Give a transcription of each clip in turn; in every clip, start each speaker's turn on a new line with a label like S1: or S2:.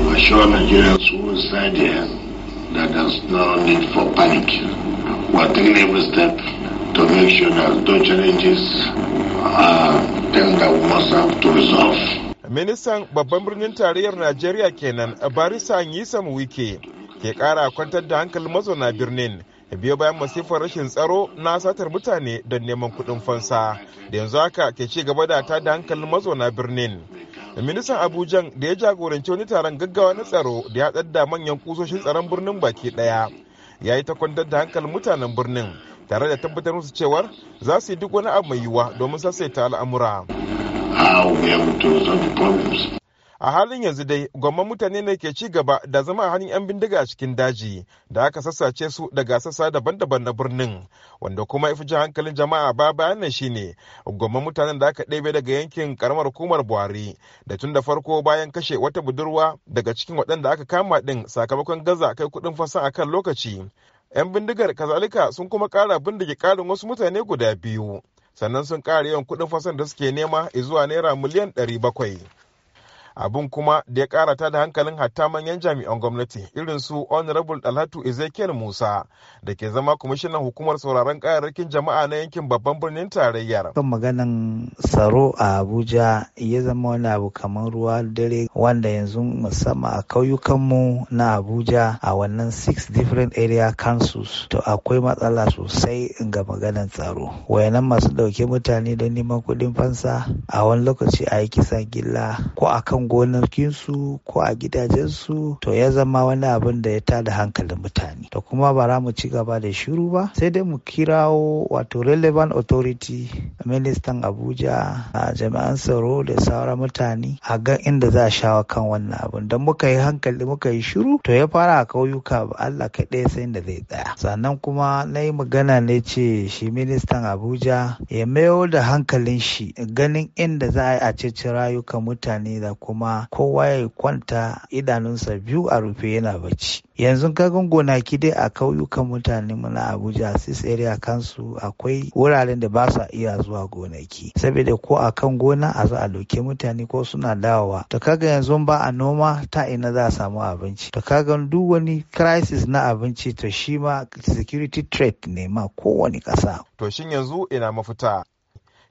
S1: um, assure Nigerians who reside there that there's no need for panic. We're taking every step to make sure that those challenges are things that we must have to resolve. ministan babban birnin tarayyar najeriya kenan barisa nisan wike ke kara kwantar da hankali mazauna birnin biyo bayan masifar rashin tsaro na satar mutane don neman kudin fansa da yanzu haka ke ci gaba da ta da hankali mazauna birnin ministan abujan da ya jagoranci wani taron gaggawa na tsaro da ya tsada manyan kusoshin tsaron birnin baki daya ya yi ta da hankalin mutanen birnin tare da tabbatar musu cewar za su yi duk wani abu mai yiwuwa domin sassaita al'amura a halin yanzu dai gwamman mutane ne ke ci gaba da zama a hannun 'yan bindiga a cikin daji da aka sassace su daga sassa daban-daban na birnin wanda kuma ya fi hankalin jama'a ba bayan nan shine gwamman mutanen da aka ɗebe daga yankin karamar hukumar buhari da tun da farko bayan kashe wata budurwa daga cikin waɗanda aka kama ɗin sakamakon gaza kai kuɗin fasa kan lokaci 'yan bindigar kazalika sun kuma ƙara bindige ƙarin wasu mutane guda biyu sannan sun ƙara yawan kuɗin fasan da suke nema zuwa naira miliyan ɗari bakwai. abun kuma da ya karata da hankalin hatta manyan jami'an gwamnati irin su honorable dalhatu ezekiel musa da ke zama kwamishinan hukumar sauraron kayayyakin jama'a na yankin babban birnin tarayyar
S2: kan maganan tsaro a abuja ya zama wani abu kamar ruwa dare wanda yanzu musamman a kauyukanmu na abuja a wannan six different area councils to akwai matsala sosai ga maganan tsaro wayannan masu dauke mutane don neman kuɗin fansa a wani lokaci a yi kisan gilla ko akan kan gonakinsu ko a gidajensu to ya zama wani abin da ya tada hankalin mutane To kuma ba za mu ci gaba da shiru ba sai dai mu kirawo wato relevant authority ministan abuja a jami'an tsaro da sauran mutane a ga inda za a shawo kan wannan abin don muka yi hankali muka yi shiru to ya fara a kauyuka ba allah kaɗai sai da zai tsaya sannan kuma na yi magana ne ce shi ministan abuja ya mayo da hankalin shi ganin inda za a yi a ceci rayukan mutane da ko kuma kowa ya kwanta idanunsa biyu a rufe yana bacci yanzu kagan gonaki dai a kauyukan mutane na abuja sis area kansu akwai wuraren da ba sa iya zuwa gonaki saboda ko a kan gona a zo a doke mutane ko suna dawowa to kaga yanzu ba a noma ta ina za a samu abinci to kaga duk wani crisis na abinci to shi ma security threat ne ma kowane kasa
S1: to shin yanzu ina mafita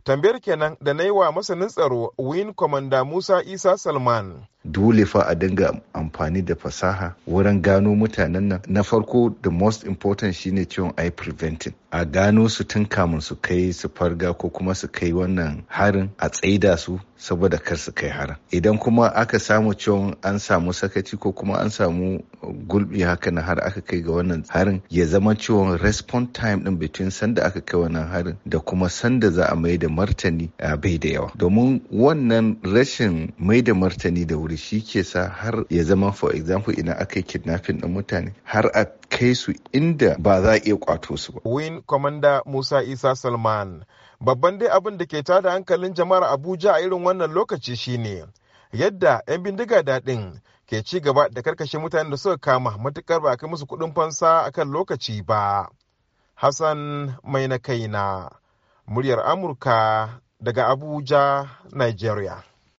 S1: tambayar kenan da na yi wa masanin tsaro win commander musa isa salman
S2: dole fa a dinga
S3: amfani da fasaha wurin gano mutanen nan na farko the most important shine ciwon eye preventing a gano su tun kamun su kai su farga ko kuma su kai wannan harin a tsaida su saboda kar su kai harin idan kuma aka samu ciwon an samu sakaci ko kuma an samu gulbi haka na har aka kai ga wannan harin ya zama ciwon respond time din between sanda aka kai wannan harin da kuma sanda za a mai da martani a bai da yawa domin wannan rashin mai da martani da wuri wuri shi ke sa har ya zama for example idan aka yi kidnapping ɗin mutane har a kai su inda ba za a iya kwato su ba. Win
S1: Commander Musa Isa Salman babban dai abin da ke tada hankalin jama'ar Abuja a irin wannan lokaci shine yadda 'yan bindiga daɗin ke ci gaba da karkashe mutane da suka kama matukar ba a kai musu kuɗin fansa akan lokaci ba. Hassan mai na kaina muryar Amurka daga Abuja, Nigeria.